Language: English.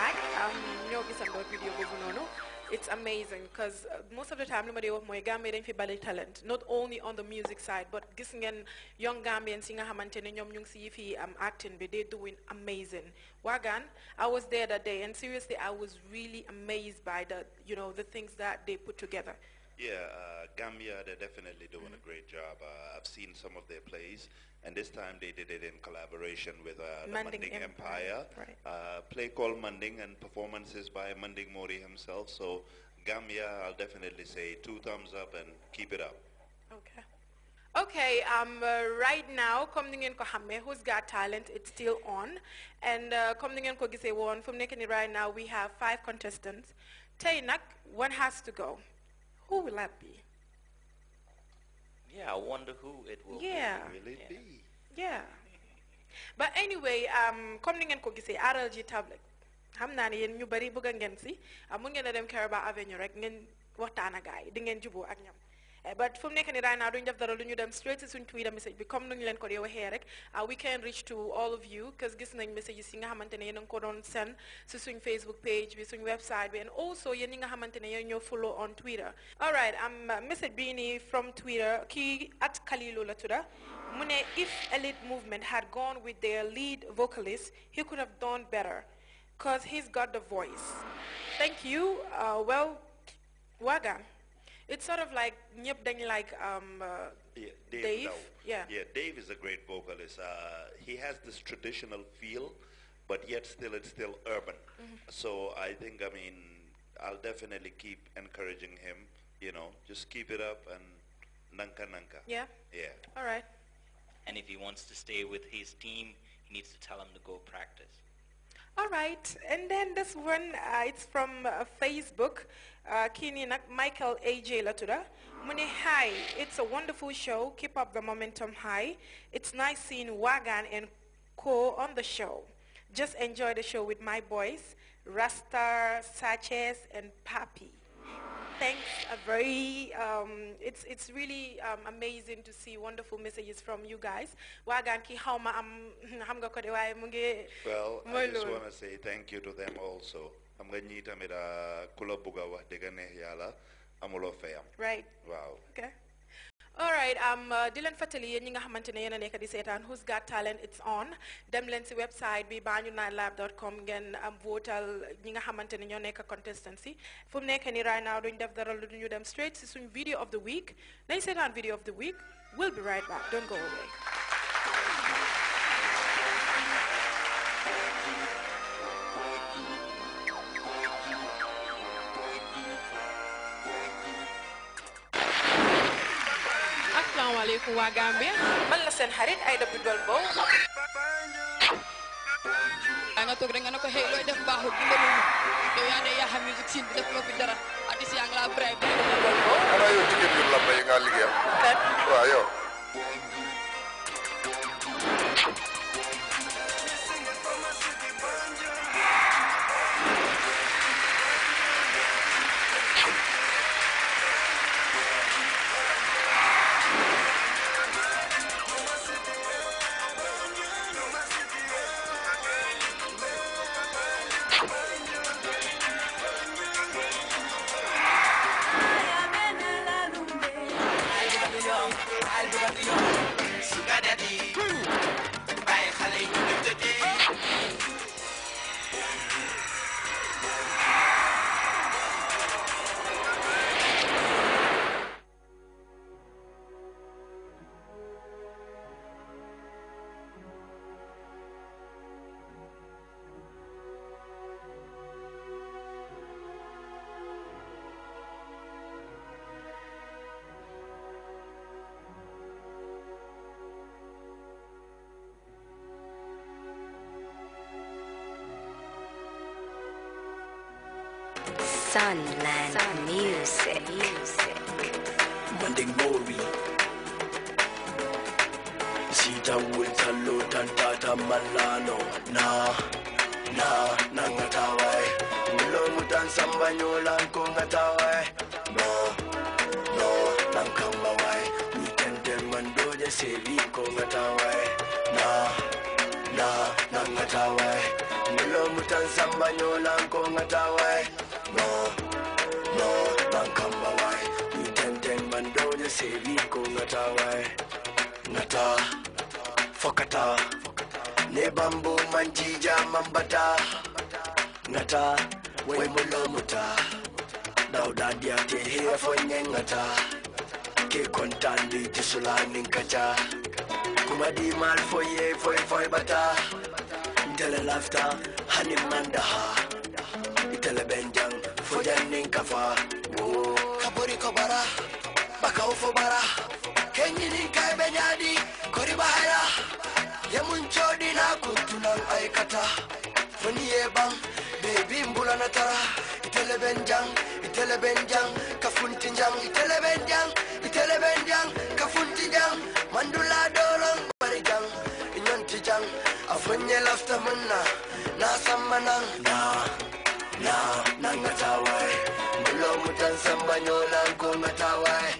Um, it's amazing because uh, most of the time nobody ma My wax mooy Gambia talent not only on the music side but gis young Gambians yi nga xamante am um, acting bi they doing amazing Wagan I was there that day and seriously I was really amazed by the you know the things that they put together yeah, uh, Gambia, they're definitely doing mm -hmm. a mm-hmm. great job. Uh, I've seen some of their plays, and this time they did it in collaboration with uh, the Manding, Manding Empire. Empire. Right. Uh, play called Manding and performances by Manding Mori himself. So Gambia, I'll definitely say two thumbs up and keep it up. Okay. Okay, um, uh, right now, coming in ko who Who's Got Talent, it's still on. And uh, comme ngeen ko from woon, right now we have five contestants. Tey nak, one has to go. Who will that be? Yeah, I wonder who it will yeah. be. Will yeah. be? Yeah. But anyway, um, come ni ngeen ko RLG tablet xam naa ne yéen ñu bari bëgg ngeen si ah, mun ngeen a dem Kairaba Avenue rek ngeen waxtaan ak gars yi di but from now on, right now don't dara lu ñu dem straight to Twitter message Become comme nu ñu leen ko we can reach to all of you cause this nañ messages yi You xamante ne yéen a ngi ko doon send si Facebook page bi suñ website and also you ñi nga xamante ne follow on Twitter. all right right. am Mr. Beanie from Twitter kii at Kalilola la if Elite Movement had gone with their lead vocalist he could have done better cause he's got the voice. thank you well waagaan it's sort of like nyep deng like um, uh, yeah, Dave. Dave. Yeah. Yeah, Dave is a great vocalist. Uh, he has this traditional feel, but yet still it's still urban. Mm -hmm. So I think I mean I'll definitely keep encouraging him. You know, just keep it up and nanka nanka. Yeah. Yeah. All right. And if he wants to stay with his team, he needs to tell him to go practice. All right, and then this one, uh, it's from uh, Facebook. Uh, uh Michael AJ Latuda. Mune, hi, it's a wonderful show. Keep up the momentum high. It's nice seeing Wagan and Co on the show. Just enjoy the show with my boys, Rasta, Sanchez, and Papi thanks. A very, um, it's, it's really um, amazing to see wonderful messages from you guys. Well, I just want to say thank you to them also. right. Wow. okay all right right, I'm um, uh, fàttali yéen ñi nga xamante ne yéen a nekk di seetaan Who's Got Talent it's on dem leen website bi banjulnightlife.com ngeen am um, votal ñi nga xamante ne ñoo nekk contestants From fu mu nekk nii right now duñ def dara lu straight si video of the week nañ seetaan video of the week we'll be right back don't go away. asalaamaaleykum waa Gambia man la seen xarit Aida Bidwal Mbow. daa nga toog rek nga ne ko xëy looy def baaxul dimbalu yow yaa ne yaa xam bi def loo fi dara artiste yaa ngi laa brave. Bidwal Mbow. yow jigéen ñi lamba nga liggéeyal. kat Sunland, Sunland Music. Music. Monday Mori. Sita Wulta Lutan Tata Malano. Na, na, nangataway. Mulungutan sambanyolan kung ngataway. No, no, nang kamaway. Witente mandoja sili kung ngataway. Na, na, nangataway. Mulungutan lang kung ngataway. no dan kamba wai you ten ten bandoja sevi ko ngata wai ngata fokata ne bambo manjija mambata ngata wai mulomuta dauda dia te hefonye ngata ke kontandi tisulanin kacha kuma di mal foye foy foy bata Tele lafta hanim mandaha kafa kaburi ko baka bakawufo bara kenyinin kai benyadi kori bahaya ya mun codi na kuntunan aikata funi ye baby mbula natara. itele benjang, itele benjang, kafunti jang itele benjang, itele benjang, kafunti jang mandula dorong, bari jang inyanti jang afonye lafta munna na sammanan na san ba nyolan ko matawaye